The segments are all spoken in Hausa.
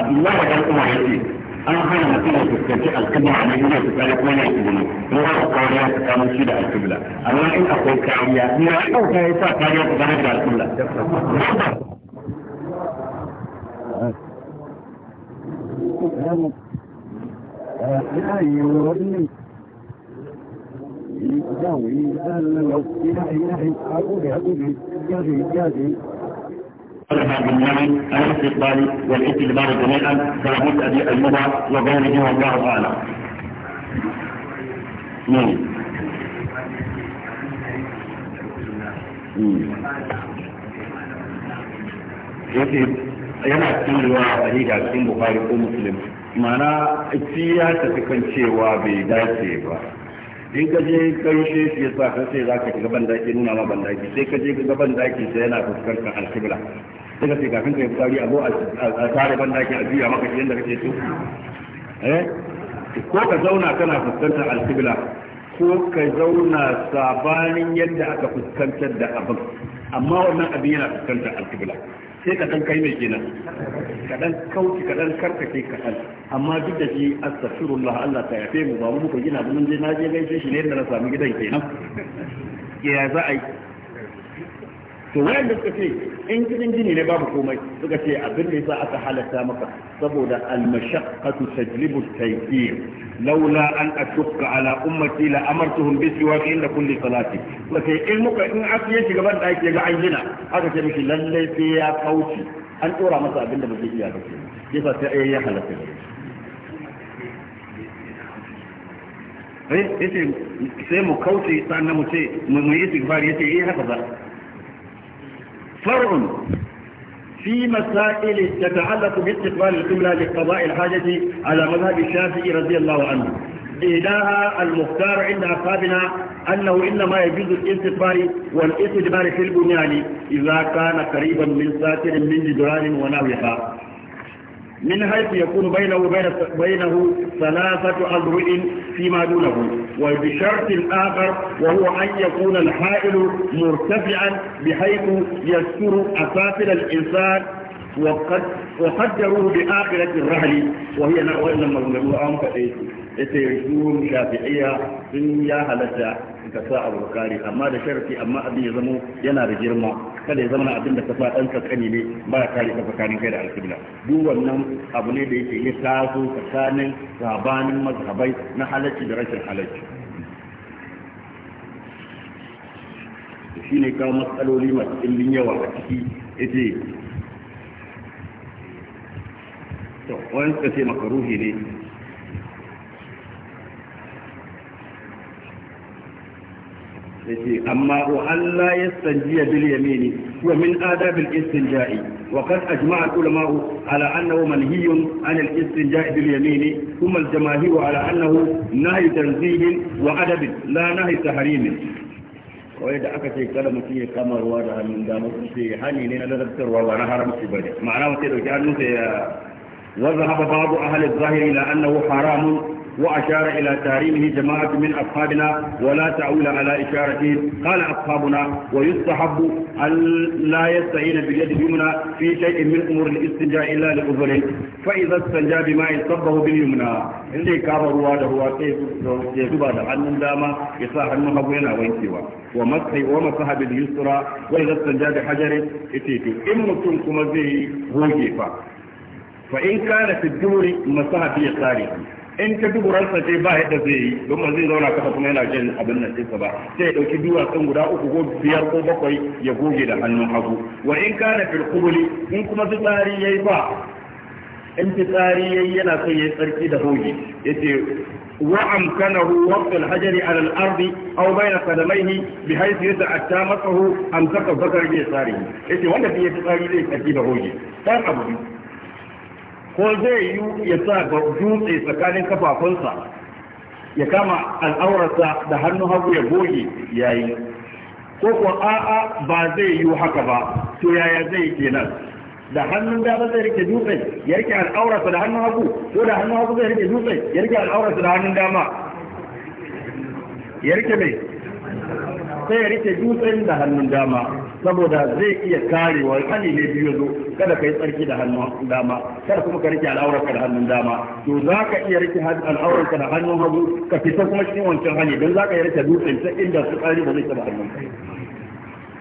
الله يقول عليه أنا هنا مثلا تستطيع القبلة عن أنه تسألك وين يكبني روح القارية تتعامل شيء على القبلة أما إن أقول كعية من أو كيسا قارية تتعامل على القبلة يا أيها الذين الاستقبال والاستدبار جميعا كابوس ابي ايوب وغيره والله اعلم. نعم. yake yana cewa a cikin bukari ko musulun mana ya tafi kan cewa bai dace ba in ka je kai shi ya sa ka sai ka shiga bandaki nuna ma bandaki sai ka je ka bandaki sai yana fuskantar alkibla sai ka ce kafin ka yi fitsari a zo a tare bandaki a juya maka yadda kake so eh ko ka zauna kana fuskantar alkibla ko ka zauna sabanin yadda aka fuskantar da abin amma wannan abin yana fuskantar alkibla sai ka dan kai mai kenan kadan kauci dan karkace dan amma duk da shi astaghfirullah Allah ta yafe mu ba mu ko gina mun je na je gaishe shi ne da na sami gidan kenan ya za a yi to da suka ce in cikin gini ne babu komai suka ce abin da yasa aka halatta maka saboda al-mashaqqatu tajlibu at-tayyib laula an ashqa ala ummati la amartuhum bi siwaki inda kulli salati suka ce in muka in aka yi shiga ban daki ga an gina aka ce miki lalle sai ya kauci an tsora masa abin da bai iya ba yasa sai ya halatta eh, sai mu kauce sannan mu ce mu yi istighfar yace eh haka ba فرع في مسائل تتعلق باستقبال الجمله لقضاء الحاجة على مذهب الشافعي رضي الله عنه إهداها المختار عند أصحابنا أنه إنما يجوز الاستقبال والاستدبار في البنيان إذا كان قريبا من ساتر من جدران ونحوها من حيث يكون بينه وبين بينه ثلاثة أضرع فيما دونه وبشرط آخر وهو أن يكون الحائل مرتفعا بحيث يستر أسافل الإنسان وقد وقدروه بآخرة الرهل وهي نحو إنما المجموعة مكتئة يتيجون شافعية سنية هلسة كساء أبو بكاري أما ده شرطي أما أبي يزمو ينا رجرما kada ya zama abin da ka sa ɗan kaskani ne ba ya kare tsakanin kai da alƙibla duk wannan abu ne da yake ya taso tsakanin sabanin mazhabai na halacci da rashin halacci shi ne kawo matsaloli masu ɗimbin yawa a ciki yace وان كتي مكروه لي أما أن لا يستنجي باليمين ومن آداب الاستنجاء وقد أجمع العلماء على أنه منهي عن الاستنجاء باليمين ثم الجماهير على أنه نهي تنزيه وأدب لا نهي تحريم وإذا أكت كلمة فيه كما روادها من دامة في حاني لنا لذكر والله نهار مصيبة معناه كده كان نسي وذهب بعض أهل الظاهر إلى أنه حرام وأشار إلى تاريمه جماعة من أصحابنا ولا تعول على إشارتهم قال أصحابنا ويستحب أن لا يستعين باليد اليمنى في شيء من أمور الاستنجاء إلا لأذن فإذا استنجى بماء صبه باليمنى إذا كاب رواد هو سيزبا عن داما يصاح النهب وين وينسوا ومسح ومسح باليسرى وإذا استنجى بحجر إتيتو إن مكتم كما زي هو fa in kana fi duri masahabi ya tsare in ta duburansa ce ba yadda zai yi don ba zai zauna kasa kuma yana jin abin nan ɗinsa ba sai ya ɗauki duwatsun guda uku ko biyar ko bakwai ya goge da hannun hagu wa in kana fil kubuli in kuma fitsari yayi ba in fitsari yayi yana son yayi tsarki da hoji yace وأمكنه وقت الحجر على الأرض أو بين قدميه بحيث يتأتى مسه أمسك الذكر بيساره. إيه وأنا في يتقاري ليس أكيد هوجي. كان أبو ko zai yi ya sa ga dutse tsakanin kafafunsa ya kama al'aurarsa da hannu hagu ya goge yi ko ko a'a ba zai yi haka ba to yaya zai kenan da hannun dama zai rike dutse ya rike al'aurarsa da hannun hagu ko da hannun hagu zai rike dutse ya rike al'aurarsa da hannun dama ya rike mai sai ya rike dutsen da hannun dama saboda zai iya karewa kani ne biyu zo kada ka yi tsarki da hannun dama kada kuma ka rike ka da hannun dama to za ka iya rike ka da hannun hagu ka fita kuma cikin wancan hanyar, don za ka iya rike dutsen ta inda su tsari ba zai taba hannun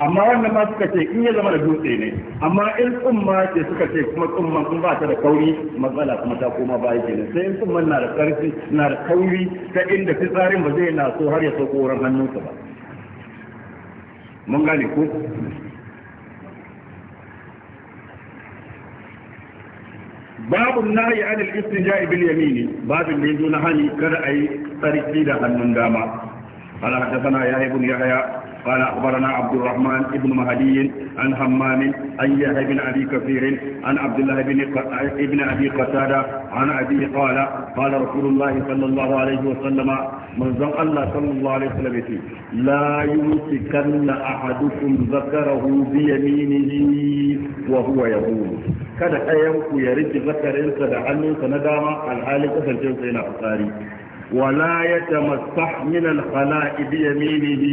amma wannan ma suka ce in ya zama da dutse ne amma in tsumma ce suka ce kuma tsumman in ba ta da kauri matsala kuma ta koma baya kenan sai in tsumman na da karfi na da kauri ta inda fitsarin ba zai na so har ya sauko wurin hannunsa ba mun gane ko باب النهي عن الاستجاء باليمين باب اللي دون هني كر طريق الى ان قال حدثنا يا بن يحيى قال اخبرنا عبد الرحمن بن مهدي عن همام عن يحيى بن ابي كثير عن عبد الله بن ابن ابي قتاده عن ابي قال قال رسول الله صلى الله عليه وسلم manzon Allah sallallahu alaihi wasallam yace la yumsikanna ahadukum zakarahu bi yaminihi wa huwa kada ayan ku ya rike zakarinsa da hannunsa na dama alhali kasancewa yana fitsari ولا يتمسح من الخلاء بيمينه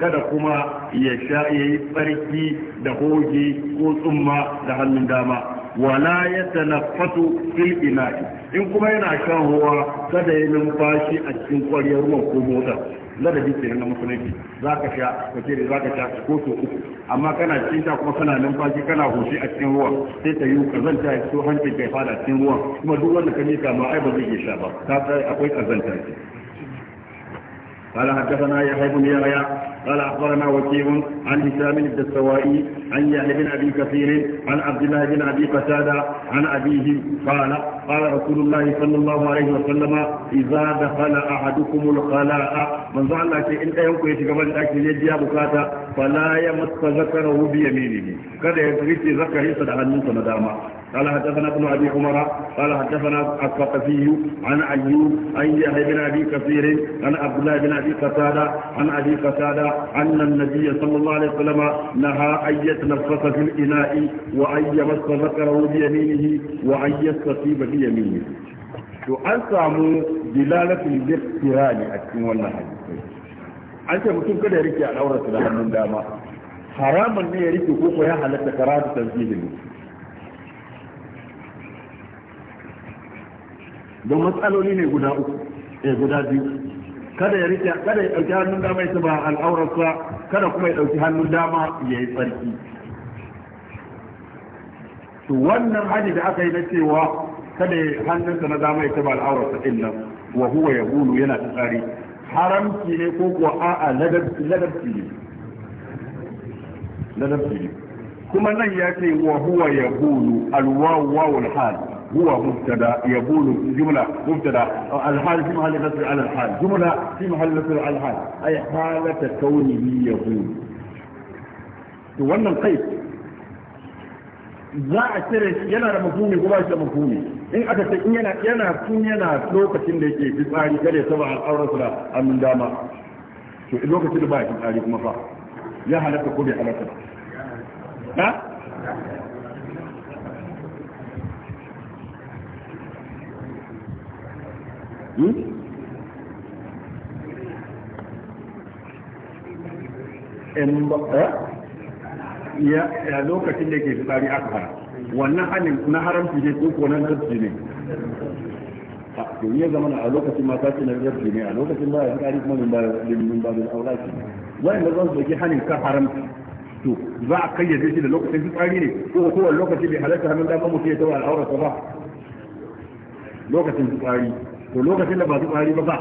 kada kuma ya sha ya yi tsarki da hoji ko tsumma da hannun dama wala ya tanaffatu fil ina'i in kuma yana shan ruwa kada ya numfashi a cikin kwaryar ruwan ko mota ladabi ke na musulunci zaka sha ka ce da zaka sha ko so uku amma kana cikin ta kuma kana numfashi kana hoshi a cikin ruwa sai ta yi kazanta ya so hanci kai fada cikin ruwa kuma duk wanda ka mika ma ai ba zai iya sha ba ka akwai kazanta قال حدثنا يحيى بن يحيى قال أخبرنا وكيع عن هشام بن الدستوائي عن يعلى بن أبي كثير عن عبد الله بن أبي قتادة عن أبيه قال قال رسول الله صلى الله عليه وسلم إذا دخل أحدكم الخلاء من ظن لك إن يوكو يتقبل الأكل يجي أبو فلا يمس ذكره بيمينه كذا يتغيث ذكره صدع النوت مداما قال حدثنا ابن ابي عمر قال حدثنا الثقفي عن ايوب عن يحيى بن ابي كثير عن عبد الله بن ابي قتاده عن ابي قتاده أن النبي صلى الله عليه وسلم نهى أن يتنفس في الإناء وأن يمس ذكره بيمينه وأن يستطيب بيمينه to an samu dilalatul ne a cikin wannan hadisi an ce mutum kada ya rike al'aurarsa da hannun dama haramun ne ya rike ko ko ya halatta karatu tanzihi ne don matsaloli ne guda biyu kada ya rike kada ya dauki hannun dama ya ba al'aurarsa kada kuma ya dauki hannun dama ya yi tsarki to wannan hadi da aka yi na cewa kada ya hannunsa na dama ya ba al'aurarsa din nan wa huwa ya hulu yana tsari haramci ne ko kuwa a'a ladabci ne ladabci ne kuma nan ya ce wa huwa ya hulu alwawu wawul hal هو مبتدا يقول جملة مبتدا الحال في محل نصب على الحال جملة في محل نصب على الحال أي حالة كونه يقول wannan kai za a cire yana da mafumi ko ba shi da mafumi in aka ce yana yana tun yana lokacin da yake fitsari kare saba al'aurar da amin dama to lokacin da ba ya fitsari kuma fa ya halatta ko bai halatta ba Hmm? Eh? ya lokacin da ke tsari aka hana wannan hannun na haramci ne ko ko na zarci ne a ah, to ya zama a lokacin mata ce na zarci ne a lokacin ba ya fitsari kuma min ba min ba da aula ce wanda zan su dake hannun kan haramci to za a ya shi da lokacin tsari ne ko kowane lokaci bai halatta hannun da mutu ya tawa al'aurarsa ba lokacin tsari. to lokacin da ba su kwari ba ba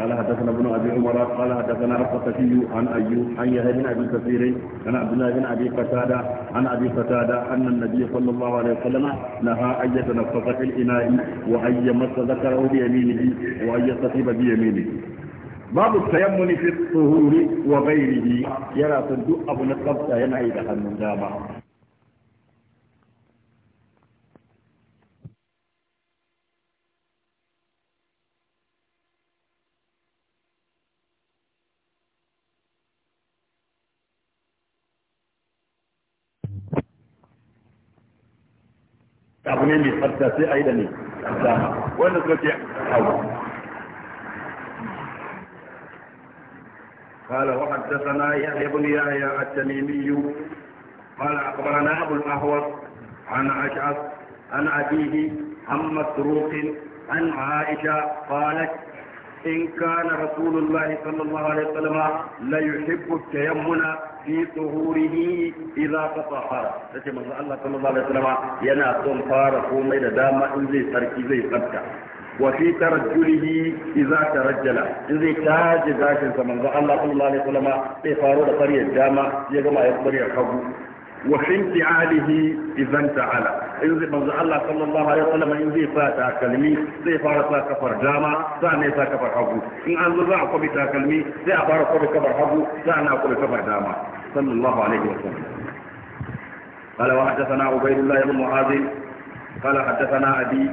قال حدثنا ابن ابي عمر قال حدثنا القطفي عن ايوب عن يحيى بن ابي كثير عن عبد الله بن ابي قتاده عن ابي قتاده ان النبي صلى الله عليه وسلم نهى ان يتنفس في الاناء وان يمس ذكره بيمينه وان يستتيب بيمينه باب التيمم في الطهور وغيره يرى صندوق ابو نقبته ينعي عن النجابه قال وحدثنا يحيى بن يحيى التميمي قال اخبرنا ابو الاهوص عن اشعث عن ابيه عن مسروق عن عائشه قالت إن كان رسول الله صلى الله عليه وسلم لا يحب التيمم في طهوره إذا تطهر تتي من الله صلى الله عليه وسلم ينا صن فارق وميد داما إن زي تركي زي قدك وفي ترجله إذا ترجل إذا تاج ذاك من الله صلى الله عليه وسلم في فارو دقرية داما يجمع يقبر يحبه وفي انتعاله إذا انتعاله in zai manzo Allah sallallahu alaihi wasallam in zai sa takalmi zai fara sa kafar dama sannan ya sa kafar hagu in an zo za a kwabi takalmi sai a fara kwabi kafar hagu sannan a kwabi kafar dama sallallahu alaihi wasallam قال وحدثنا عبيد الله بن معاذ قال حدثنا أبي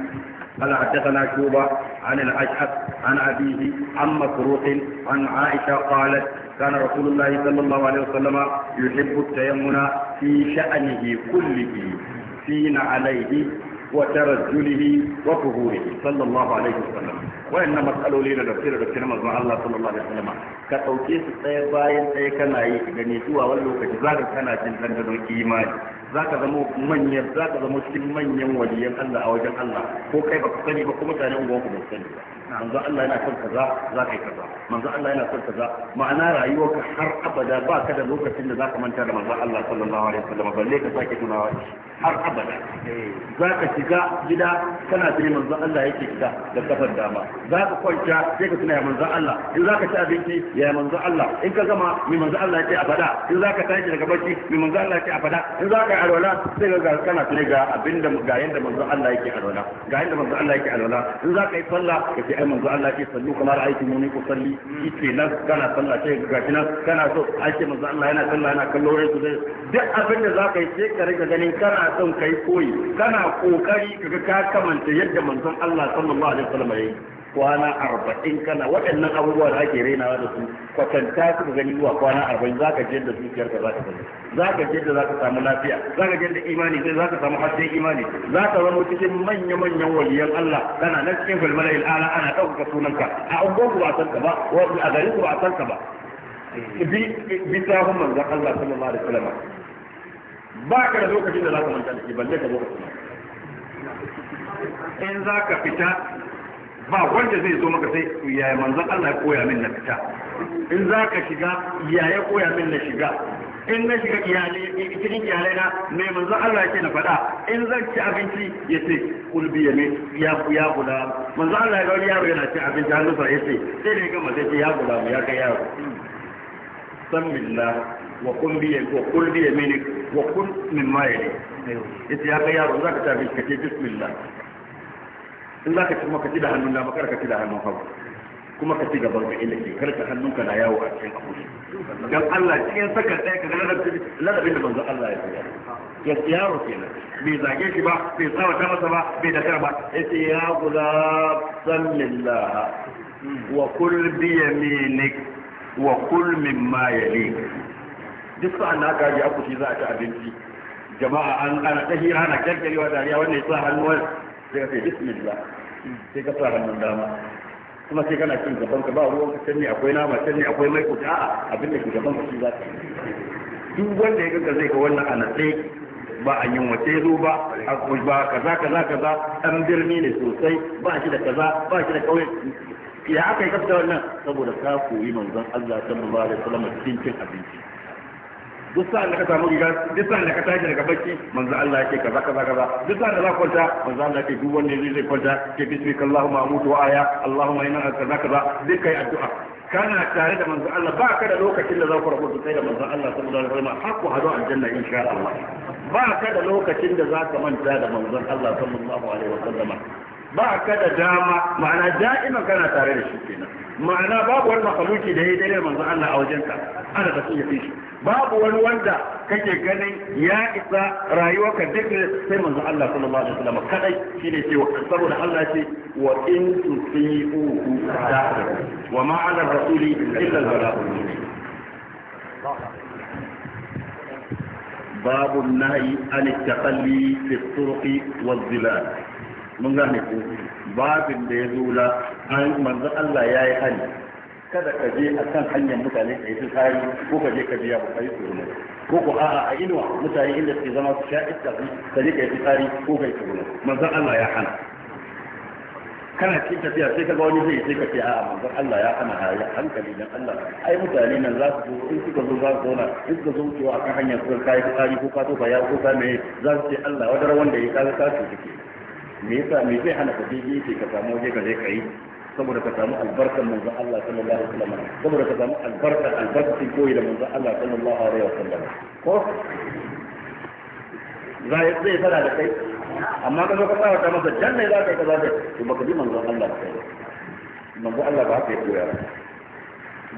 قال حدثنا شوبة عن الأشعث عن أبيه عن مسروق عن عائشة قالت كان رسول الله صلى الله عليه وسلم يحب التيمم في شأنه كله المكفين عليه وترجله وطهوره صلى الله عليه وسلم وإن مسألة لنا دكتور دكتور مزمع الله صلى الله عليه وسلم كتوكيس تاي باين تاي كان اي غني زوا ولو كجزاك كان جن دندن إيمان zaka zama manyan zaka zama cikin manyan waliyan Allah a wajen Allah ko kai baka sani ba kuma tare unguwanku ba sani ba manzo Allah yana son kaza za ka yi kaza manzo Allah yana son kaza ma'ana rayuwarka har abada ba ka da lokacin da za ka manta da manzo Allah sallallahu alaihi wasallam balle ka sake tunawa har abada za ka shiga gida kana tuni manzo Allah yake gida da kafar dama za ka kwanta sai ka tuna ya manzo Allah in za ka ci abinci ya manzo Allah in ka gama mai manzo Allah yake a fada in za ka tashi daga barci mai manzo Allah yake a fada in za ka yi alwala sai ka kana tuni ga abinda ga yanda manzo Allah yake alwala ga yanda manzo Allah yake alwala in za ka yi sallah ka ce ai manzo Allah ke sallu kamar aiki mu ne ku salli ite nan kana sallah sai ga kina kana so ake manzo Allah yana sallah yana kallo rai su duk abin da zaka yi sai ka riga ganin kana son kai koyi kana kokari kaga ka kamanta yadda manzon Allah sallallahu alaihi wasallam yayi kwana arba'in kana waɗannan abubuwa da ake rainawa da su kwatanta su ka gani zuwa kwana arba'in za ka jiyar da zuciyar ka za ka gani za ka jiyar da za ka samu lafiya za ka jiyar da imani sai za ka samu hasken imani za ka zama cikin manya-manyan waliyan Allah kana nan cikin falmala il'ala ana ɗaukaka sunanka a unguwar ku ba a san ka ba a garin ku ba a san ka ba bi ta hun manzan Allah sallallahu alaihi wasallam ba ka da lokacin da za ka manta da shi balle ka zo ka in za ka fita ba wanda zai zo maka sai yaya manzon Allah ya koya min na fita in za ka shiga yaya koya min na shiga in na shiga iyalai cikin iyalai na mai manzan Allah yake na faɗa in zan ci abinci ya ce kulbi ya ne ya ya gula manzo Allah ya ga yaro yana ci abinci hannu sa ce sai da zai ce ya gula mu ya kai yaro san billah wa kulbi ya wa ya wa min ma ya ne ya kai yaro ci abinci bismillah in za ka ci maka ci da hannun dama kar ka ci da hannun hagu kuma ka ci gabar mai ilimi kar ka hannunka na yawo a cikin abu dan Allah cikin saka ɗaya ka ladabin ladabin da manzon Allah ya koya ya yaro kenan bai zage shi ba bai tsawata masa ba bai da ba yace ya gulam sallillah wa kul bi yaminik wa kul mimma yalik duk sa'an na gaji akushi za a ci abinci jama'a an ana ta hira na kirkirewa dariya wannan ya sa hannuwar sai ka ce bismillah sai ka sa hannun dama kuma sai kana cin gaban ka ba ruwan ka canne akwai nama canne akwai mai kuta a abin da gaban ka shi za ka duk wanda ya ga zai ga wannan a natse ba a yin wace zo ba a ba kaza kaza kaza an birni ne sosai ba shi da kaza ba shi da kauye ya aka yi kafta wannan saboda ka koyi manzon Allah sallallahu alaihi wasallam cikin cin abinci duk sa'an da ka samu riga duk sa'an da ka tashi daga bacci manzo Allah yake kaza kaza kaza duk sa'an da za ka kwanta manzo Allah yake duk wanda zai kwanta ke bismika Allahumma amutu wa aya Allahumma inna kaza kaza duk kai addu'a kana tare da manzo Allah ba ka da lokacin da za ku rabu kai da manzo Allah saboda alaihi wasallam har ku hado aljanna insha Allah ba ka da lokacin da za ka manta da manzo Allah sallallahu alaihi wasallam ba ka da dama ma'ana da'iman kana tare da shi kenan ma'ana babu wani makaluki da ya daidai manzo Allah a wajenka ana shi babu wani wanda kake ganin ya isa rayuwarka duk sai manzo Allah sallallahu alaihi wasallam kadai shine cewa saboda Allah ce wa in tusiu wa ma ala rasuli illa al-balagh باب النهي عن التخلي في الطرق والظلال من غني باب da ya zo an manzo Allah yayi hali kada ka je a kan hanyar mutane ka yi su tsari ko ka je ka biya ba ka yi tsoro ko ko a'a a inuwa mutane inda suke zama su sha iska su ka je ka yi tsari ko ka yi tsoro manzon Allah ya hana kana cikin tafiya sai ka ga wani zai sai ka ce a'a manzon Allah ya hana haya hankali dan Allah ai mutane nan za su in suka zo za su zauna in suka zo cewa akan hanyar su kai tsari ko ka tofa ya ko ka me za su ce Allah wadar wanda ya kaga ka su take me yasa me zai hana ka je ka samu waje ka je ka yi saboda ka samu albarkar manzon Allah sallallahu alaihi wasallam saboda ka samu albarkar albarkar koyi da manzon Allah sallallahu alaihi wasallam ko zai zai fara da kai amma ka zo ka fara ta masa janna za ka kaza da to baka bi manzon Allah kai manzon Allah ba ka yi koyar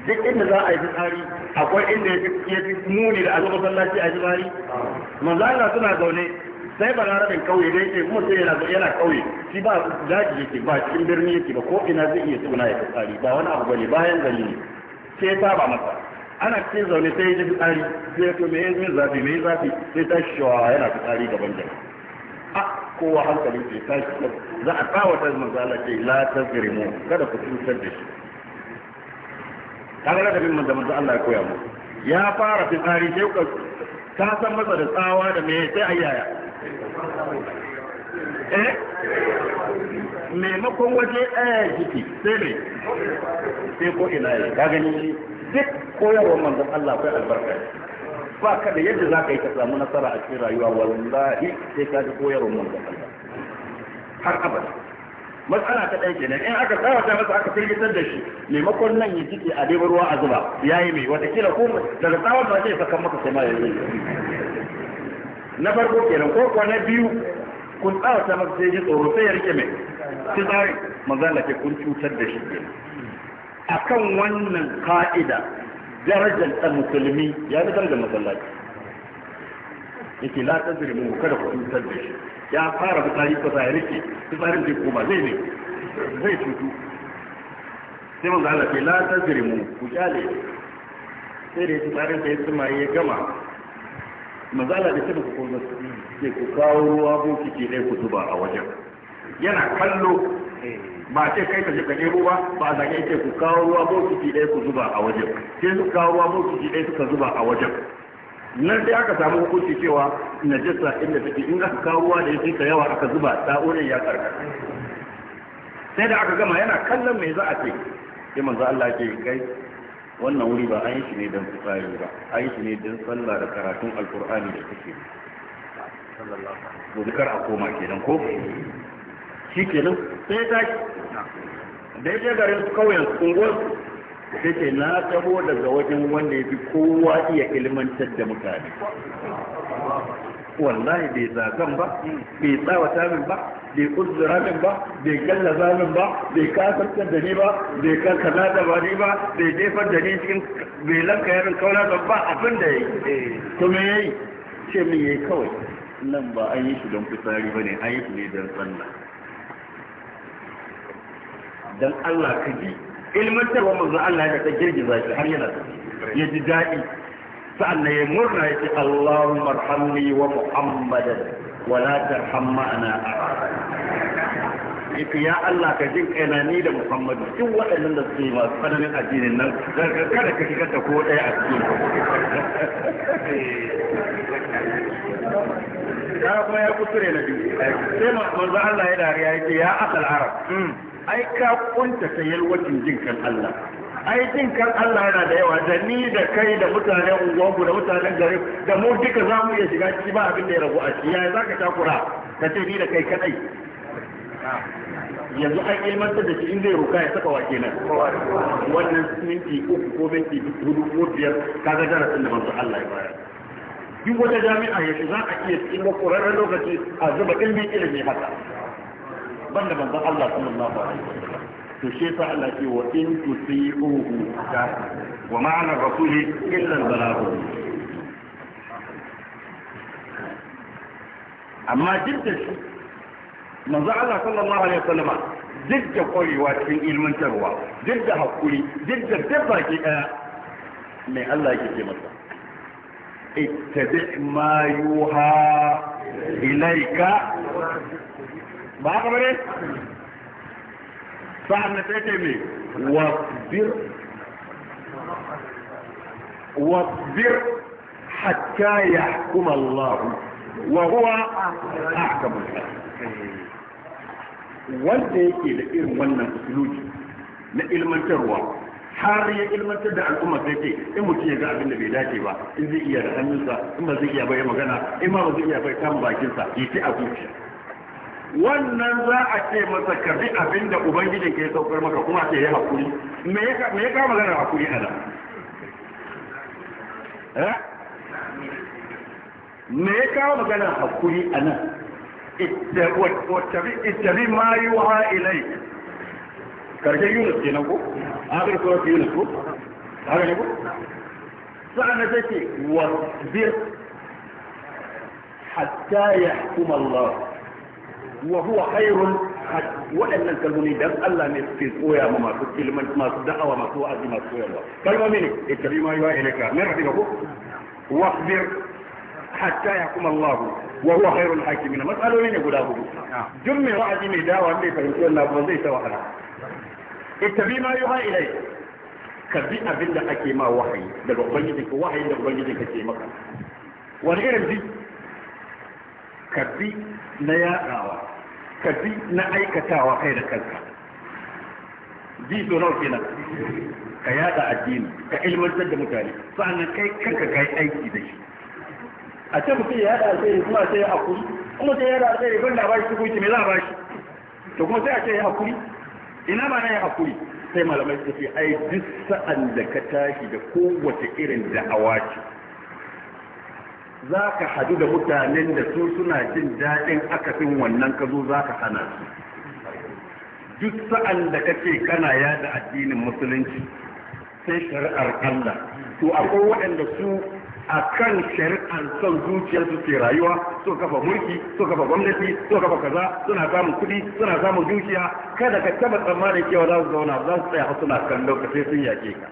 duk inda za a yi tsari akwai inda ya fi muni da azuba sallaci a fitsari manzon Allah suna zaune sai balarabin kauye dai ce kuma sai yana kauye shi ba daji yake ba cikin birni yake ba ko ina zai iya tsuna ya fitsari ba wani abu bane bayan gari ne sai ta ba masa ana cikin zaune sai ya ji fitsari sai ya to me yin zafi mai zafi sai ta shawa yana fitsari gaban jama'a a kowa hankali shi tashi za a tsawata manzala ce la tazrimu kada ku cutar da shi kaga da bin da manzo Allah ya koya mu ya fara fitsari sai ka san masa da tsawa da me sai ayyaya eh maimakon waje ɗaya eh, jiki sai ne sai ko ina ya ga gani duk koyarwar manzan Allah kai albarka ba ka da yadda za ka yi ka samu nasara a cikin rayuwa wallahi sai ka ji koyarwar manzan Allah har abada matsala ta ɗaya kenan in aka ta masa aka firgitar da shi maimakon nan ya jiki a debar ruwa a zuba ya yi mai watakila ko daga tsawata zai sakan maka sai ma ya yi na farko kenan ko kwana biyu kun ta masa sai ji tsoro sai ya rike mai ki tsari manzala ke kun cutar da shi a akan wannan ka'ida darajar ta musulmi ya fi darajar masallaci yake la ta mu kada ku cutar da shi ya fara fitsari ko sai rike fitsarin zai koma zai ne zai cutu sai manzo ke la ta mu ku kyale sai da tsarin da ya tsima ya gama mazala da ke ku kuma ke ku kawo ruwa kike ne ku zuba a wajen yana kallo ba ce kai ka je ka nemo ba ba a zage ce ku kawo ruwa kike ne ku zuba a wajen sai su kawo ruwa kike ne suka zuba a wajen nan sai aka samu hukunci cewa najasa inda take in aka kawo ruwa da ya ka yawa aka zuba saurin ya karkata sai da aka gama yana kallon mai za a ce sai manzo Allah ya ce kai wannan wuri ba an yi shi ne don fitsari ba an yi shi ne don sallah da karatun alkur'ani da kake gobe kar a koma kenan ko shi kenan sai ya tashi da ya je garin kauyen kungon sai ce na tabo daga wajen wanda ya fi kowa iya ilmantar da mutane wallahi bai zagan ba bai tsawata min ba bai uzura min ba bai gallaza min ba bai kasarta da ni ba bai karkana da ba ni ba bai jefar da ni cikin bai lanka yarin kauna ba ba abin da ya yi Kuma eh, ya yi ce min ya yi kawai nan ba an yi shi don fitari ba ne an yi shi ne don sallah don Allah ka ji ilmantarwa manzo Allah ya ta girgiza shi har yana ya ji daɗi sa'an ya murna ya ce Allahumma arhamni wa Muhammadan wa tarham ma'ana aka ya Allah ka jin kaina ni da Muhammadu duk waɗannan da suke masu tsananin addinin nan kada ka shigar da ko ɗaya a cikin ya kuma ya kusure na biyu sai manzo Allah ya dariya ya ce ya asal arab ai ka kunta sayar wacin jin kan Allah aikin kan Allah yana da yawa da ni da kai da mutanen unguwanku da mutanen gari da mu duka za mu iya shiga ciki ba abin da ya rabu a ciki yaya za ka takura ka ce ni da kai kadai yanzu an ilmantar da shi in zai roka ya saka wa kenan wannan minti uku ko minti hudu ko biyar kaga darasin da manzo Allah ya bayar duk wata jami'a ya ce za a iya cikin makurarren lokaci a zuba ilmin ilimi haka banda manzo Allah sallallahu alaihi wasallam to shi yasa Allah ce wa in tusiuhu wa ma'ana rasuli illa al-balagh amma duk da shi manzo Allah sallallahu alaihi wasallam duk da kwarewa cikin ilmantarwa duk da hakuri duk da dabba ke daya mai Allah yake ce masa ittabi ma yuha ilaika ba ka bare sa'an na sai mai wasbir hatta ya kuma Allah wa huwa ahkamul wanda yake da irin wannan usuluji na ilmantarwa har ya ilmantar da al'umma sai ce in mutum ya ga abin da bai dace ba in zai iya da hannunsa in ba zai iya bai magana in ma ba zai iya bai kama bakinsa ya ce a zuciya wannan za a ce masa ka bi abin da ubangijin ke saukar maka kuma ce ya hakuri me ya kama magana hakuri a nan me ya kawo magana hakuri a nan eh? ittabi ma yi wa ilai karshe yunus ke nan ko agar kuma fi yunus ko haka ne ko sa'an da take wasbir hatta ya hukuma Allah wa huwa khairul wadannan kalmomi dan Allah ne suke koya ma masu ilmin masu da'awa masu wa'azi masu koyarwa kalmomi ne ittabi ma yuha ilayka min rabbika ko wasbir hatta yakum Allah wa huwa khairul hakimin masaloli ne guda hudu duk mai wa'azi mai da'awa mai fahimci wannan ba zai ta wahala ittabi ma yuha ilayka ka bi abin da ake ma wahayi daga ubangiji ka wahayi da ubangiji ka ke maka wani irin bi ka bi na yaɗawa ka bi na aikatawa kai da kanka bi so nawa kenan ka yada addini ka ilmantar da mutane sa'annan kai kanka kai aiki da shi a ce mutum ya yada alheri kuma sai ya hakuri kuma sai ya yada alheri ban da bashi hukunci me za a bashi to kuma sai a ce ya hakuri ina ma na ya hakuri sai malamai su ce ai duk sa'an da ka tashi da kowace irin da'awa ce za ka hadu da mutanen da su suna jin daɗin akasin wannan ka zo za ka hana su duk sa'an da kake kana da addinin musulunci sai shari'ar Allah to akwai waɗanda su a kan shari'ar son zuciyar su ke rayuwa so kafa mulki so kafa gwamnati so kafa kaza suna samun kuɗi suna samun dukiya kada ka taba tsammanin cewa za su zauna za su tsaya suna kallon ka sai sun yake ka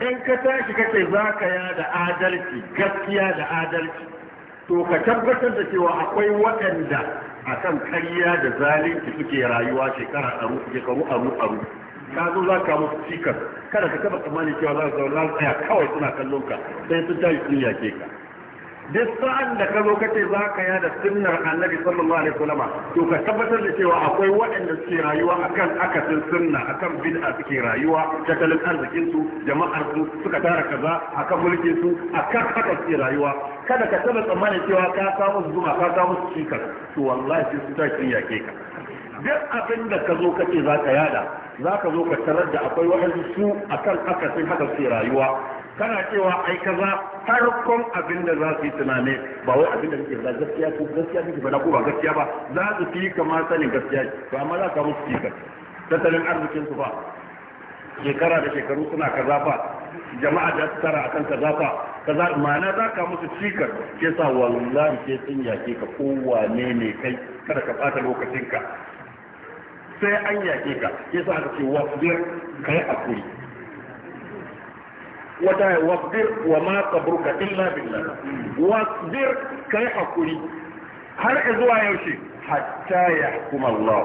in ka tashi ka ya da adalci gaskiya da adalci to ka tabbatar da cewa akwai waɗanda a kan karya da zalunci suke rayuwa shekara aru shekaru a ka zo za ka musu cikas kada ka taba tsammani cewa za ka zauna tsaya kawai suna kallon ka sai sun tashi sun yake ka duk sa'an da ka zo kace za ka yada sunnar annabi sallallahu alaihi wasallam to ka tabbatar da cewa akwai waɗanda suke rayuwa akan akasin sunna akan bid'a suke rayuwa tattalin arzikin su jama'ar su suka tara kaza akan mulkin su akan haka suke rayuwa kada ka taba tsammanin cewa ka samu zuma ka samu cikar to wallahi su ta yake ka duk abin da ka zo kace za ka yada za ka zo ka tarar da akwai waɗansu su akan akasin haka suke rayuwa kana cewa ai kaza farkon abin da za su yi tunani ba wai abin da kake ba gaskiya ko gaskiya kake ba ko ba gaskiya ba za su fi kamar sanin gaskiya to amma za ka musu kika tattalin arzikin su ba shekara da shekaru suna kaza jama'a da su tara akan kaza ba kaza ma'ana za ka musu cikar ke sa wallahi ke sun yake ka kowane ne kai kada ka bata ka sai an yake ka ke sa ka ce wasbir kai akuri wata wasbir wa ma sabruka illa billah wasbir kai hakuri har zuwa yaushe hatta yahkum Allah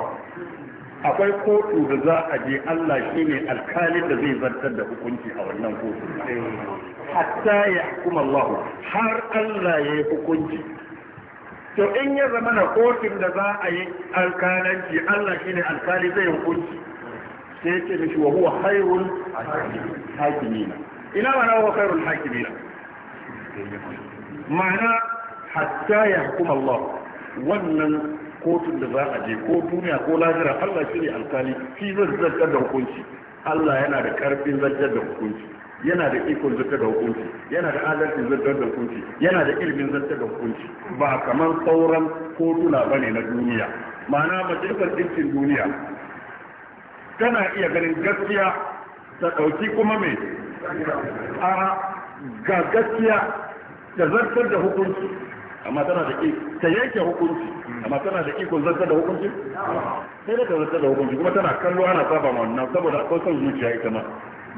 akwai kotu da za a je Allah shine alkalin da zai zartar da hukunci a wannan kotu hatta yahkum Allah har Allah ya yi hukunci to in ya zama na kotun da za a yi alkalanci Allah shine alkali zai hukunci sai ce mishi wa huwa khairul hakimina ina mana wa khairul hakimin ma'ana hatta ya hukuma Allah wannan kotun da za a je ko duniya ko lahira Allah shi ne alkali shi zai zartar da hukunci Allah yana da karfin zartar da hukunci yana da ikon zartar da hukunci yana da adalcin zartar da hukunci yana da ilimin zartar da hukunci ba kamar sauran kotuna bane na duniya ma'ana majalisar ɗinkin duniya tana iya ganin gaskiya ta ɗauki kuma mai a ga gaskiya da zartar da hukunci amma tana da ta yanke hukunci amma tana da ikon zartar da hukunci sai da ta zartar da hukunci kuma tana kallo ana saba ma wannan saboda akwai son zuciya ita ma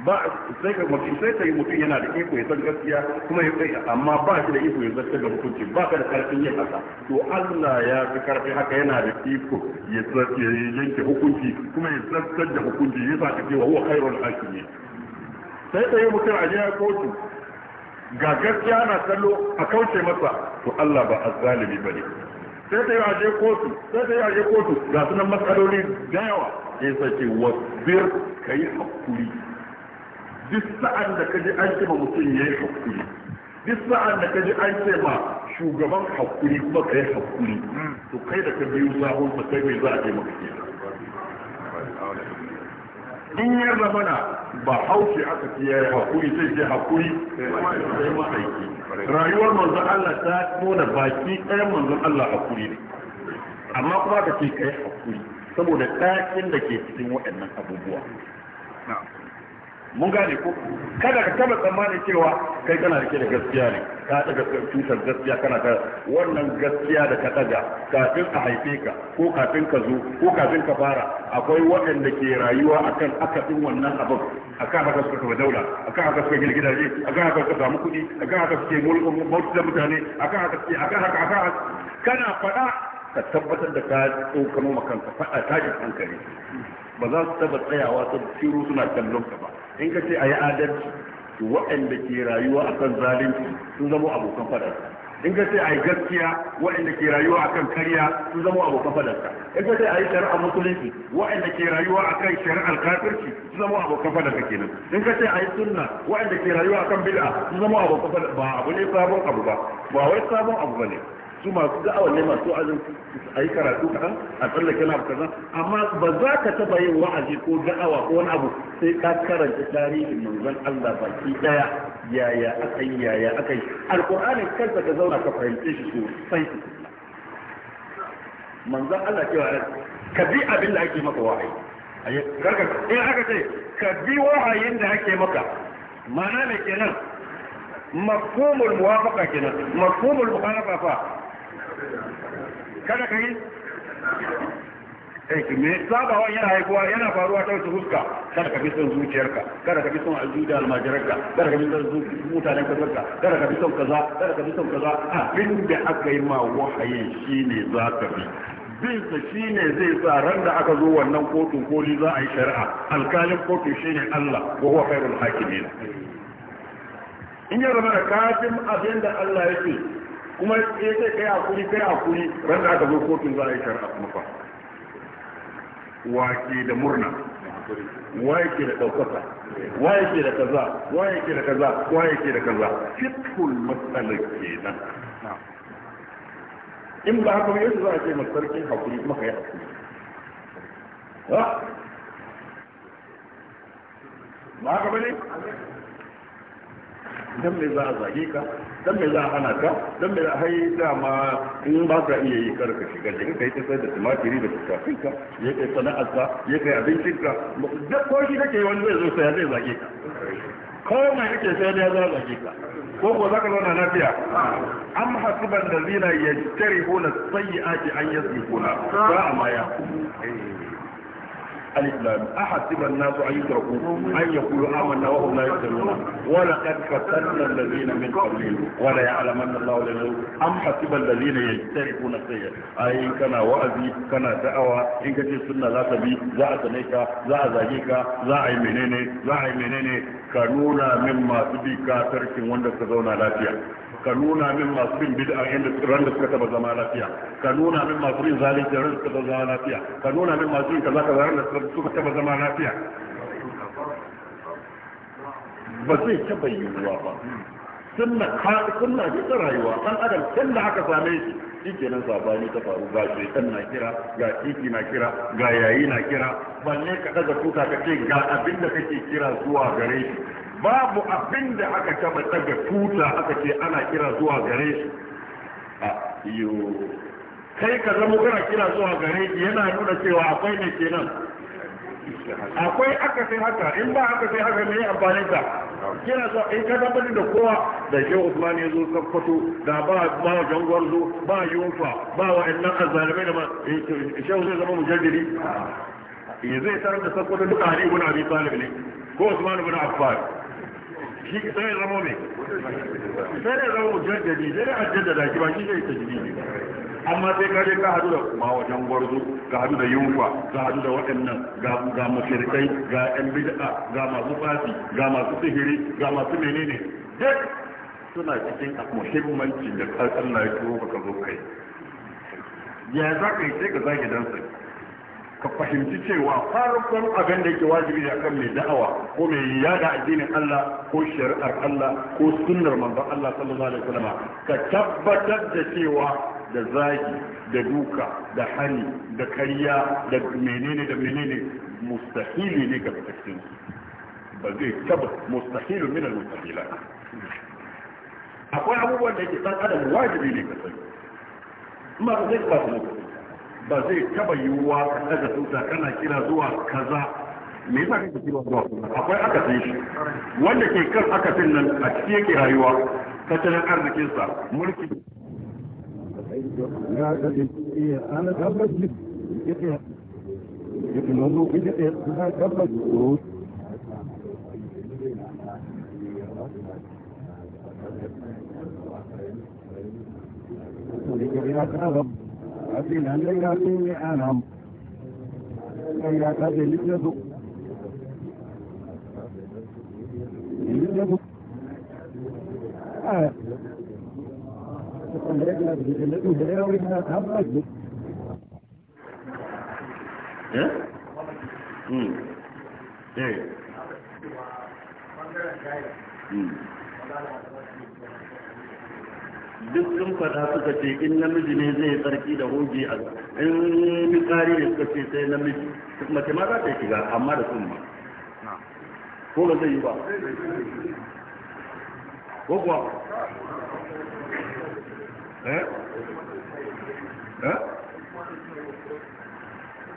ba sai ka mutum sai ka yi mutum yana da iko ya san gaskiya kuma ya kai amma ba shi da iko ya zartar da hukunci ba ka da karfin yin haka to Allah ya fi karfi haka yana da iko ya zartar ya yanke hukunci kuma ya zartar da hukunci sa ka ce wa huwa khairul hakimin sai ɗaya mutum a jiya kotu ga gaskiya na kallo a kauce masa to Allah ba azzalimi ba ne sai ta yi aje kotu sai ta yi aje kotu ga sunan matsaloli da yawa ya yi ce wasbir ka yi hakuri duk sa'an da ka ji an ce ma mutum ya yi hakuri duk sa'an da ka ji an ce ma shugaban hakuri kuma ka yi hakuri to kai da ka biyu sahun sa sai mai za a je maka kenan in ya mana ba haushi aka fiye ya haƙuri sai ce haƙuri rayuwar manzon Allah ta nuna baki ɗayan manzon Allah haƙuri ne amma kuma ka ce ka yi haƙuri saboda ɗakin da ke cikin waɗannan abubuwa mun gane ko kada ka taba tsammanin cewa kai kana rike da gaskiya ne ka daga tutar gaskiya kana ta wannan gaskiya da ka daga kafin a haife ka ko kafin ka zo ko kafin ka fara akwai waɗanda ke rayuwa akan akadin wannan abu akan haka suka kafa daula akan haka suka gina gidaje akan haka suka samu kuɗi akan haka suke mulkin da mutane akan haka suke akan haka akan kana faɗa ka tabbatar da ka tsokano makanka faɗa tashin hankali ba za su taba tsayawa sun shiru suna kallon ka ba in ka ce a yi adalci to waɗanda ke rayuwa a kan zalunci sun zama abokan fadarka in ka ce a yi gaskiya waɗanda ke rayuwa a kan karya sun zama abokan fadarka in ka ce a yi shari'a musulunci waɗanda ke rayuwa a kan shari'ar kafirci sun zama abokan fadarka kenan in ka ce a yi sunna waɗanda ke rayuwa a kan bil'a sun zama abokan fadarka ba abu ne sabon abu ba ba wai sabon abu ba ne su masu da'awar ne masu azin a yi karatu kan a tsallake na kaza amma ba za ka taɓa yin wa'azi ko da'awa ko wani abu sai ka karanta tarihin manzon Allah baki ɗaya yaya aka yi yaya aka yi alƙur'anin kansa ka zauna ka fahimce shi sosai manzon Allah cewa ka bi abin da ake maka wahayi in aka ce ka bi wa'ayin da ake maka ma'ana ne kenan mafhumul muwafaqa kenan mafhumul mukhalafa fa kada ka yi aiki eh, mai sabawan yana haifuwa yana faruwa ta wasu huska kada ka fi son zuciyarka kada ka fi son aljuda almajiranka kada ka fi son mutanen kasarka kada ka fi son kaza kada ka fi son kaza abin da aka yi ma shi shine za ka bi binsa shi ne zai sa ran da aka zo wannan kotun koli za a yi shari'a alkalin kotun shi ne Allah wa huwa khairul hakimin in ya zama kafin abin da Allah ya ce kuma ya ce kai hakuri kai hakuri ran da aka zo kotun za a yi shari'a kuma fa wake da murna waye ke da ɗaukaka waye ke da kaza waye ke da kaza waye ke da kaza fitful matsalar kenan in ba haka yadda za a ce masarki hakuri kuma ka yi hakuri ba haka ba ne dan me za a zage ka dan me za a hana ka dan me za a hai dama in ba ka iya yi kar ka shiga jikin kai ta sai da tumatiri da tafin ka ya kai sana'ar ka ya kai abincin ka duk ko shi kake wani zai zo sai zai zage ka ko mai kake sai ya zo zage ka ko ko zaka zauna lafiya am hasiban da zina yajtarihuna sayyi'ati an yasbiquna ba amaya eh. الإسلام لام أحسب الناس أن يتركوا أن يقولوا آمنا وهم لا يفتنون ولقد فتنا الذين من قبلهم ولا يعلم أن الله لهم أم حسب الذين يجتركون السيئة أي كان وأذي كان دعوة إن كان سنة لا تبي لا أتنيك لا أزاجيك لا أي منيني لا أي منيني كانونا مما تبي كافر كن وندك تزونا لا تيا ka nuna min masu bin bid'a inda ran da suka taba zama lafiya ka nuna min masu bin zalunci ran da suka taba zama lafiya ka nuna min masu yin kaza kaza ran da suka taba zama lafiya ba zai taba ruwa ba sunna ka sunna ce ta rayuwa dan adam tun da aka same shi shi kenan sabani ta faru ga shaitan na kira ga titi na kira ga yayi na kira balle ka daga tuta ka ce ga abin da kake kira zuwa gare shi babu abin da aka taba daga tuta aka ce ana kira zuwa gare shi a yo kai ka zama kana kira zuwa gare shi yana nuna cewa akwai ne kenan akwai aka sai haka in ba aka sai haka ne amfanin ka kira zuwa in ka zama da kowa da ke Usman ya zo kafato da ba ba wajen gwarzo ba yunfa ba wa'annan azzalimai da ma eh, shehu zai zama mujaddidi ya eh, zai tarar da sakwato duka Ali ibn Abi Talib ne ko Usman ibn Affan shi sai zama mai sai da zama mujaddadi sai da ajaddada shi ba shi zai tajiri amma sai ka je ka hadu da kuma wajen gwarzo ka hadu da yunfa ka hadu da waɗannan ga mafirkai ga yan bid'a ga masu fasi ga masu sihiri ga masu menene duk suna cikin muhimmancin da ka na ya turo ka zo kai ya za ka yi sai ka zage dan sai ka fahimci cewa farkon abin da yake wajibi a kan mai da'awa ko mai yada addinin Allah ko shari'ar Allah ko sunnar manzon Allah sallallahu alaihi wasallam ka tabbatar da cewa da zagi da duka da hani da kariya da menene da menene mustahili ne ga cikin ba zai taba mustahilu min al-mustahilat akwai abubuwan da yake san adam wajibi ne ka sani amma ba zai ba su ba zai taba yiwuwa ka daga tuta kana kira zuwa kaza me yasa kake kira zuwa kaza akwai akasin shi wanda ke kan akasin nan a cikin yake rayuwa tattalin arzikinsa mulki ya Thank you. àti ìlànlẹ́gbà tó ní duk sun suka ce in namiji ne zai tsarki da hoji a in mikari ne suka ce sai namiji mace ma za ta yi shiga amma da sun ko ba zai yi ba ko kuwa eh eh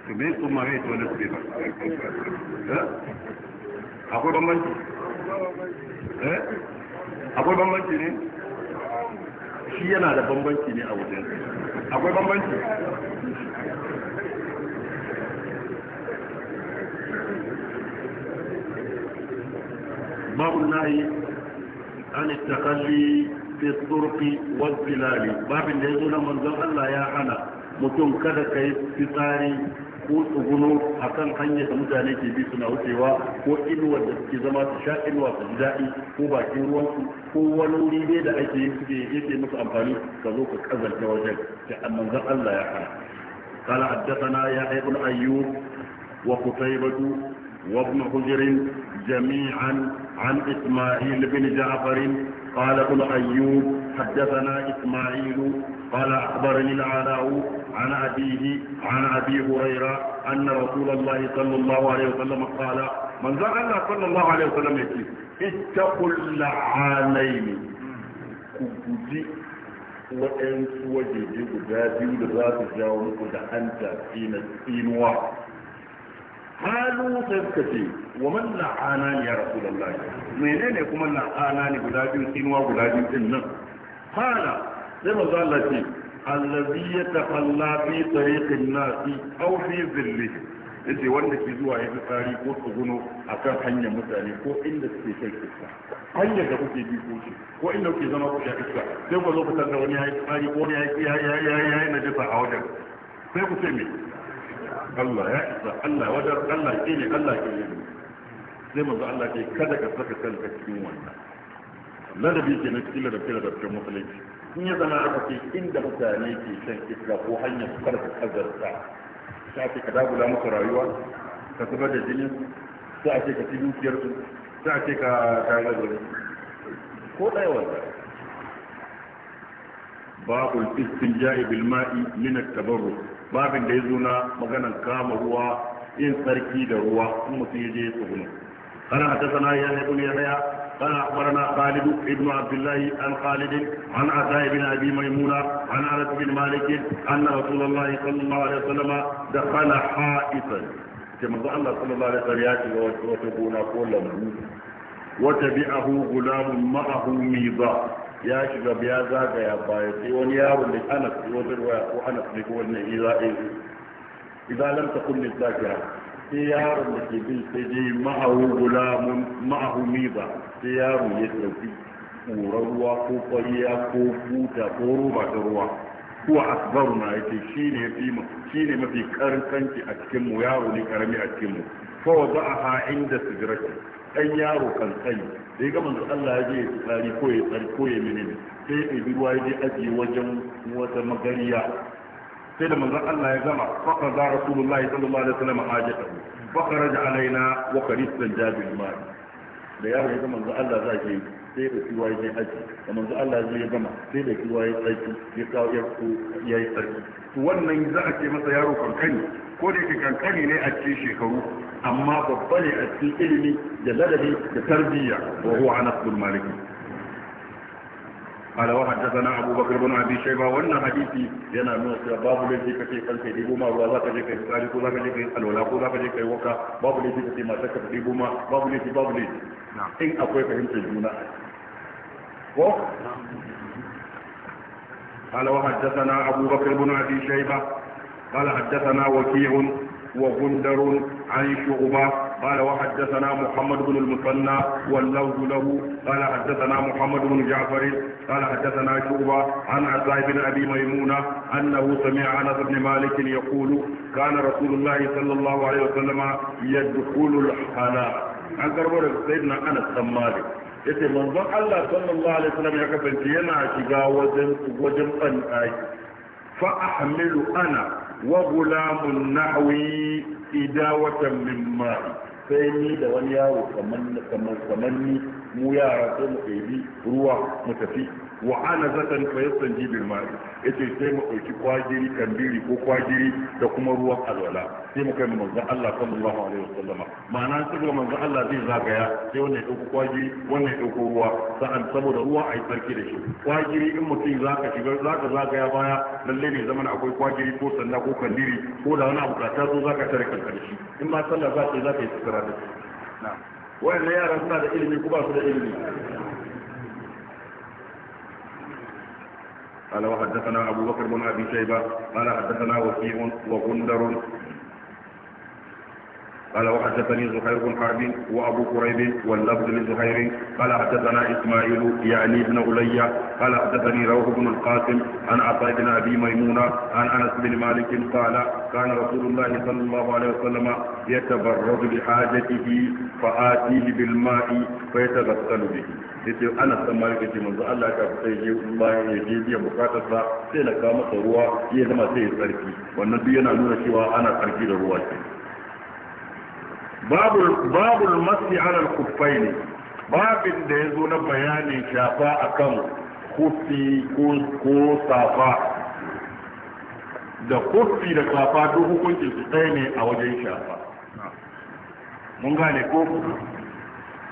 to me kuma rai to da suke ba eh? akwai bambanci eh akwai bambanci ne shi yana da bambanci ne a wajen akwai bambanci babu nahi an takalli fi turqi wa zilali babin da yazo na manzon Allah ya hana mutum kada kai fitsari ko tsuguno a kan hanyar da mutane ke bi suna wucewa ko inuwar da suke zama su sha inuwa su ji daɗi ko bakin ruwansu ko wani wuri dai da ake yi suke yake musu amfani ka zo ka kazanta wajen da annan Allah ya hana قال حدثنا يحيى بن ايوب وقتيبة وابن حجر jami'an عن اسماعيل بن جعفر قال ابن ايوب حدثنا اسماعيل قال أخبرني العلاء عن أبيه عن أبي هريرة أن رسول الله صلى الله عليه وسلم قال من ذا الله صلى الله عليه وسلم يقول اتقوا اللعانين كبدي وأنت وجدي قدادي ولغاية جاوم قد أنت فينا السينوة قالوا تذكتي ومن لعانان يا رسول الله منين يكون من لعانان قدادي وسينوة قدادي وسينوة قال sai manzo Allah ce allazi yatahalla fi tariqin nasi aw fi zillihi yace wanda ke zuwa ya tsari ko tsuguno akan hanyar mutane ko inda suke kai iska hanyar da kuke bi ko ko inda kuke zama ku ya iska sai ku zo ku tanda wani ya tsari ko ya ya ya ya ya na dafa a wajen sai ku ce me Allah ya isa Allah wajen Allah ke ne Allah ke ne sai manzo Allah ke kada ka saka kanka cikin wannan ladabi ke na cikin ladabin ladabin musulunci in ya zama aka ce inda mutane ke shan iska ko hanyar kar su kazarta ta ce ka dagula musu rayuwa ka zubar da jinin sai ce ka ci dukiyarsu sai a ce ka kayan gazari ko ɗaya wanda babu istinja'i bil ma'i min at babin da ya zo na maganan kama ruwa yin sarki da ruwa in mutum ya je ya tsuguna kana hadathana ya ne kun ya قال اخبرنا خالد بن عبد الله عن خالد عن عطاء بن ابي ميمونه عن انس بن مالك ان رسول الله صلى الله عليه وسلم دخل حائطا كما قال الله صلى الله عليه وسلم ياتي وتبونا كل مجنون وتبعه غلام معه ميضا يا شباب يا زاد يا باي سيون يا ولد انس يوزر وانس بيقول اذا إيه؟ اذا لم تكن للذاكره يا التي بالسجي معه غلام معه ميضه sai yaro ya ɗauki ƙurar ruwa ko ƙwariya ko buta ko roba ta ruwa kuwa asbaru na yake shi ne shi ne mafi karkanci a cikinmu. yaro ne karami a cikinmu. kawai ba a ha'in da sigirati ɗan yaro kan sani da ya gama manzo Allah ya je ya tsari ko ya tsari ko ya menene sai ya ɗabi ruwa ya je ajiye wajen wata magariya sai da manzo Allah ya gama faqa za rasulullahi sallallahu alaihi wasallam hajatahu fa da alaina wa qarisan jabil ma'i da yaro ya gama Allah za ke sai da kiwa ya aji da manzo Allah zai ya gama sai da kiwa ya aji ya kawo ya ko ya yi tsarki to wannan za a ce masa yaro kankani ko da yake kankani ne a cikin shekaru amma babba ne a cikin ilimi da ladabi da tarbiyya wa huwa anas bin maliki قال وحدثنا ابو بكر بن ابي شيبه وان حديثي yana nuna cewa babu laifi ka ce kanka ya goma ruwa za ka je kai tsari ko za ka je kai alwala ko za ka je kai waka babu laifi ka ce matar ka ta goma in akwai fahimtar juna قال وحدثنا أبو بكر بن أبي شيبة قال حدثنا وكيع وغندر عن شعبة قال وحدثنا محمد بن المثنى واللوز له قال حدثنا محمد بن جعفر قال حدثنا شعبة عن عطاء بن أبي ميمونة أنه سمع أنس بن مالك يقول كان رسول الله صلى الله عليه وسلم يدخل الحلاء an karbo daga sayyidina anas dan malik yace manzon Allah sallallahu alaihi wasallam ya kasance yana shiga wajen wajen ban fa ahmilu ana wa gulamun nahwi idawatan min ma'i sai ni da wani yaro kamar ni mu yara sai mu ɗebi ruwa mu tafi wa ana zatan ni fayyasan bil ma'i yace sai mu dauki kwagiri kambiri ko kwagiri da kuma ruwan alwala sai mu kai mu manzo Allah sallallahu alaihi wasallam ma'ana sai manzo Allah zai zagaya sai wannan ya dauki kwagiri wannan ya dauko ruwa sa'an saboda ruwa ai sarki da shi kwagiri in mutum zaka shiga zaka zagaya baya lalle ne zaman akwai kwagiri ko sanda ko kambiri ko da wani abu ka zo zaka tare kanka da shi in ma sallah za ka yi za ka yi tsira da shi na'am wayannan yaran suna da ilimi ko ba su da ilimi قال وحدثنا أبو بكر بن أبي شيبة قال حدثنا وكيع وغندر قال وحدثني زهير بن حرب وابو كريب واللفظ لزهير قال حدثنا اسماعيل يعني بن علي قال حدثني روح بن القاسم عن عطاء بن ابي ميمونه عن انس بن مالك قال كان رسول الله صلى الله عليه وسلم يتبرد بحاجته فآتيه بالماء فيتغسل به yace ana san malik yace manzo Allah ka sai je bayan ya je biya bukatar sa sai na kawo masa ruwa ya zama sai ya tsarki wannan duk yana nuna cewa ana tsarki da ruwa kenan babul masi alal kufai ne babin da ya zo na bayanin shafa a kan kufi ko safa da kufi da safa duk hukuncin su ɗaya ne a wajen shafa mun gane ko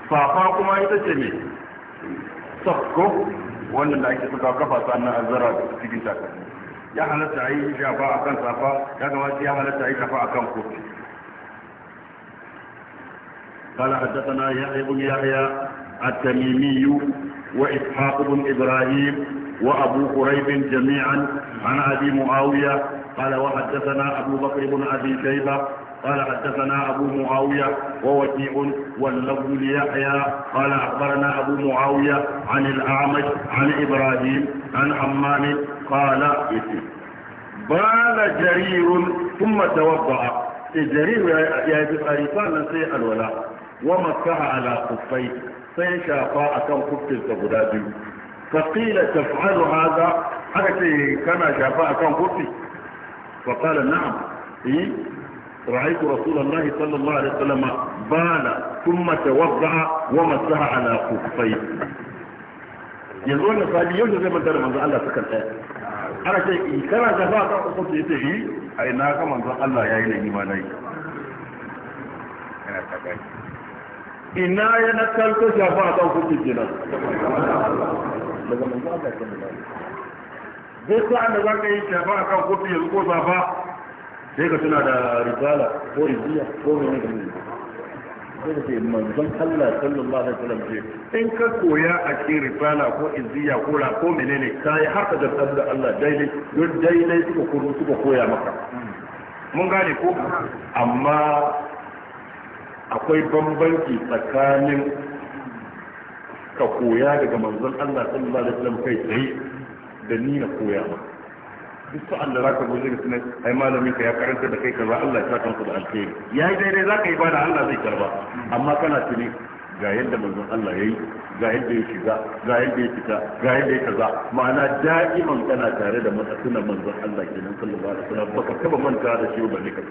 safa kuma ita ce ne safko wannan da ake saka kafa sannan azara cikin shafa ya halatta a yi shafa kan safa ya gabata ya halatta a yi shafa kan kufi قال حدثنا يحيى بن يحيى التميمي وإسحاق بن إبراهيم وأبو قريب جميعا عن أبي معاوية قال وحدثنا أبو بكر بن أبي شيبة قال حدثنا أبو معاوية ووكيع واللفظ ليحيى قال أخبرنا أبو معاوية عن الأعمش عن إبراهيم عن حمام قال بال جرير ثم توضأ جرير يا يا قال سيء الولاء wa masaha ala kuffai sai shafa akan kuffinsa guda biyu faqila taf'alu hadha aka ce kana shafa akan kuffi fa qala na'am eh رأيت رسول الله صلى الله عليه وسلم بال ثم توضع ومسح على خفيه yanzu wannan sahabi yau zai manta da manzon Allah sakan ɗaya ce eh, kana da ba ka kusa ce yi eh. a ina ka manzon Allah yayi ne ina ya na kalko shafa a kan kuke kenan daga manzo Allah ya kama zai sa da za ka yi shafa a kan kuke yanzu ko safa sai ka tuna da risala ko iziya ko mene da mene sai ka ce manzon Allah sallallahu alaihi wasallam ce in ka koya a cikin risala ko iziya ko ra ko Ta kai haka da Allah Allah daidai don daidai suka koyo suka koya maka mun gane ko amma akwai bambanci tsakanin ka koya daga manzon Allah sallallahu alaihi wasallam kai tsaye da ni na koya ba duk sa'an da zaka goje ga sunan ai malami ka ya karanta da kai kaza Allah ya saka maka da alheri yayi daidai zaka yi bada Allah zai karba amma kana tuni ga yadda manzon Allah yayi ga yadda ya shiga ga yadda ya fita ga yadda ya kaza ma'ana da'iman kana tare da matsatsunan manzon Allah kenan sallallahu alaihi wasallam baka taba manta da shi ba ne ka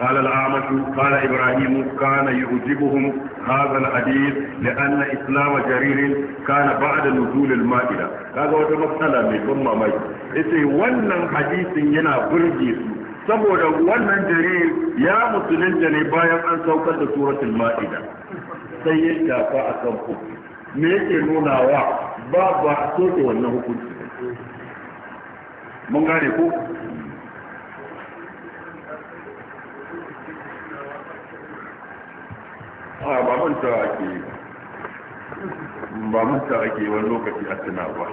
قال الأعمش قال إبراهيم كان يعجبهم هذا الحديث لأن إسلام جرير كان بعد نزول المائدة هذا وجه مسألة من ثم ميت إذا ونن حديث ينا برجيس saboda wannan jaririn ya musulunta ne bayan an saukar da suratul ma'ida sai ya shafa a kan hukunci me yake nunawa ba ba a soke hukunci mun ko a ba manta ake ba manta ake wani lokaci a tuna ba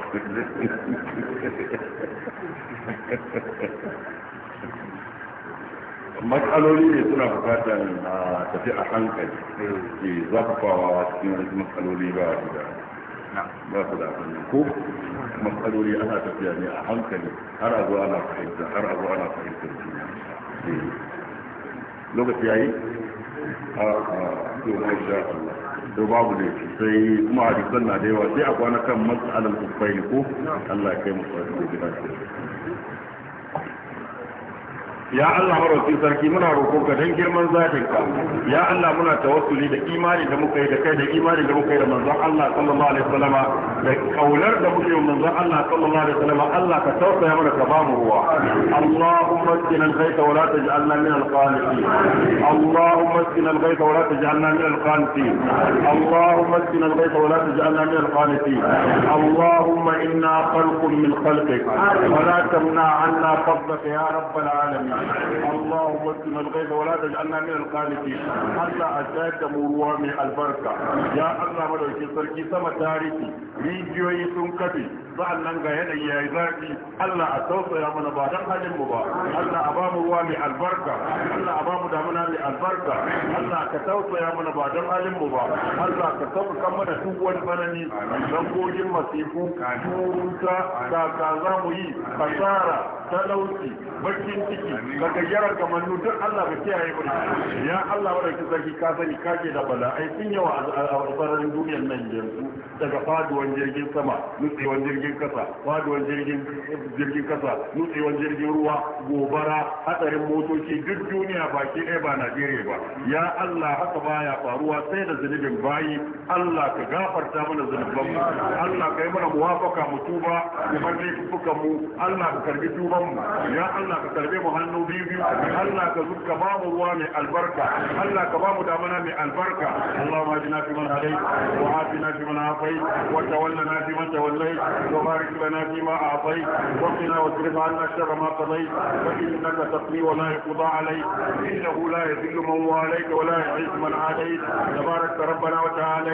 matsaloli ne suna bukatar na tafi a hankali ke zafafawa cikin wasu matsaloli ba su da ba su da abin ko matsaloli ana tafiya ne a hankali har a zuwa ana fahimta har a zuwa ana fahimtar juna lokaci yayi a to masha Allah ne sai kuma hadisan na da yawa sai a kwana kan matsalar kufai ko Allah ya kai mu fara da ya Allah marauki sarki muna roƙon don girman zatin ka ya Allah muna tawassuli da imani da muka yi da kai da imani da muka yi da manzon Allah sallallahu alaihi wasallama da kaular da muke yi manzon Allah sallallahu alaihi wasallama Allah ka tausaya mana ka bamu ruwa Allahumma asqina al-ghaytha wa la taj'alna min al-qanitin Allahumma asqina al-ghaytha wa la taj'alna min al-qanitin Allahumma asqina al-ghaytha wa la taj'alna min al-qanitin Allahumma inna khalqun min khalqik wa la tamna 'anna fadlaka ya rabb al-alamin اللهم اسم الغيب ولا تجعلنا من القانتين حتى أتاك مروا من البركة يا الله مدوكي سركي سما تاريخي ريجيوي سنكتي sa'annan ga yanayi ya yi zafi Allah a tausaya mana ba don halin mu ba Allah a ba mu ruwa mai albarka Allah a ba mu damuna mai albarka Allah ka tausaya mana ba don halin mu ba Allah ka sauka mana duk wani banani. don gogin masifu tuta kaka za mu yi kasara talauci bakin ciki da gayyarar gamannu duk Allah ba kiyaye mu ya Allah wa ki zaki ka sani kake da bala. bala'ai sun yawa a sararin duniyar nan yanzu daga faduwan jirgin sama nutsewan jirgin kasa faduwan jirgin jirgin kasa nutsewan jirgin ruwa gobara hatsarin motoci duk duniya baki ɗaya ba Najeriya ba ya Allah haka baya faruwa sai da zunubin bayi Allah ka gafarta mana zunubanmu Allah ka yi mana muwafaka mu tuba mu bar laifukan mu Allah ka karbi tuba Allahumma ya Allah ka karbe mu hannu biyu biyu Allah ka zuka ba mu ruwa mai albarka Allah ka ba mu damana mai albarka Allahumma ajina fi man hadai wa afina fi man afai wa tawallana fi man tawallai wa barik lana fi ma afai wa qina wa sirif anna sharra ma qadai fa innaka taqdi wa la yuqda alayk innahu la yadhillu man walayk wa la yu'izzu man adayt tabarak rabbana wa ta'ala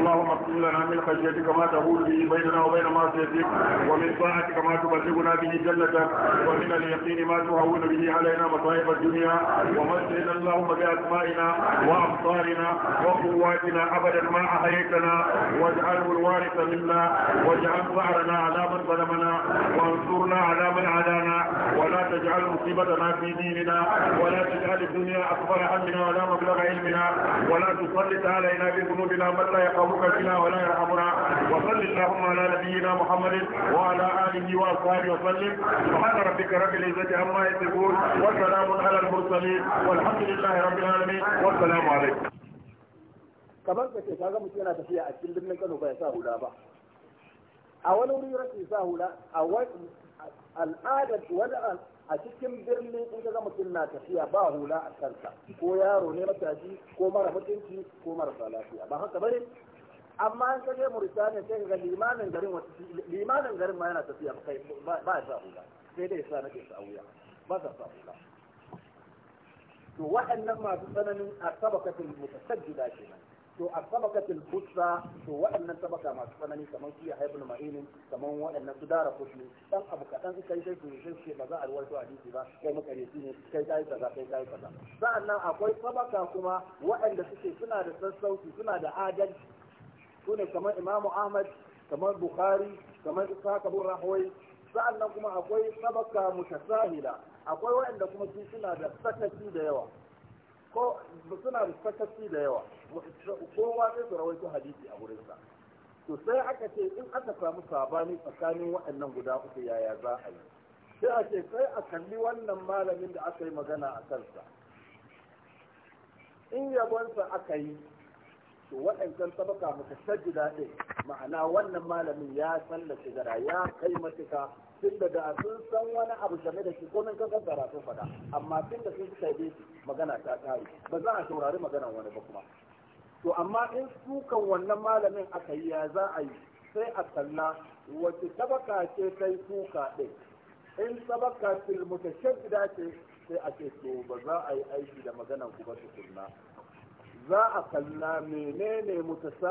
اللهم اغفر لنا من خشيتك ما تهول به بيننا وبين معصيتك ومن طاعتك ما تبلغنا به جنتك ومن اليقين ما تهون به علينا مصائب الدنيا ومسعنا اللهم بأسمائنا وأبصارنا وقواتنا أبدا ما أحييتنا واجعله الوارث منا واجعل ظهرنا على من ظلمنا وانصرنا على من عادانا ولا تجعل مصيبتنا في ديننا ولا تجعل الدنيا أكبر همنا ولا مبلغ علمنا ولا تسلط علينا بذنوبنا من لا يقومك بنا ولا يرحمنا وصل اللهم على نبينا محمد وعلى آله وأصحابه وسلم سبحان ربك رب العزة عما يصفون وسلام على المرسلين والحمد لله رب العالمين والسلام عليكم kamar ka ce kaga mutum yana tafiya a cikin birnin Kano bai sa hula ba a wani wuri rashi sa hula a wani al'adar wani a cikin birnin in ka mutum na tafiya ba hula a kansa ko yaro ne matashi ko mara mutunci ko marasa lafiya ba haka bane amma an kaje Murtani sai ga limanin garin wasu limanin garin ma yana tafiya ba ba ya sa hula sai dai sa nake sa wuya ba sa sa hula to waɗannan masu tsananin asabakatul mutasajjida kenan to a sabakatul kusa to waɗannan sabaka masu tsanani kamar su yahya ibn ma'inin, kamar waɗannan su dara kusu dan abu kadan su kai sai su sai ba za a a hadisi ba kai su ne kai kai kaza kai kai kaza sa'annan akwai sabaka kuma waɗanda suke suna da sassauci suna da adalci sune kamar imamu ahmad kamar bukhari kamar isa ibn rahway sa'annan kuma akwai sabaka mutasahila akwai waɗanda kuma su suna da sakaci da yawa ko suna da sakaci da yawa kowa sai su rawaito hadisi a wurinsa to sai aka ce in aka samu sabani tsakanin waɗannan guda uku yaya za a yi sai a ce sai a kalli wannan malamin da aka yi magana a kansa in yabonsa aka yi to waɗancan tabaka mutasajjida ɗin ma'ana wannan malamin ya da gara ya kai matuka tun daga sun san wani abu game da shi ko nan kan karatu faɗa amma tun da sun suka yi magana ta kare ba za a saurari maganar wani ba kuma to amma in sukan wannan malamin aka yi ya za a yi sai a kalla wace tabaka ce kai suka ɗin in tabaka til gida ce sai a ce to ba za a yi aiki da maganar ku ba tukunna za a kalla menene mutasa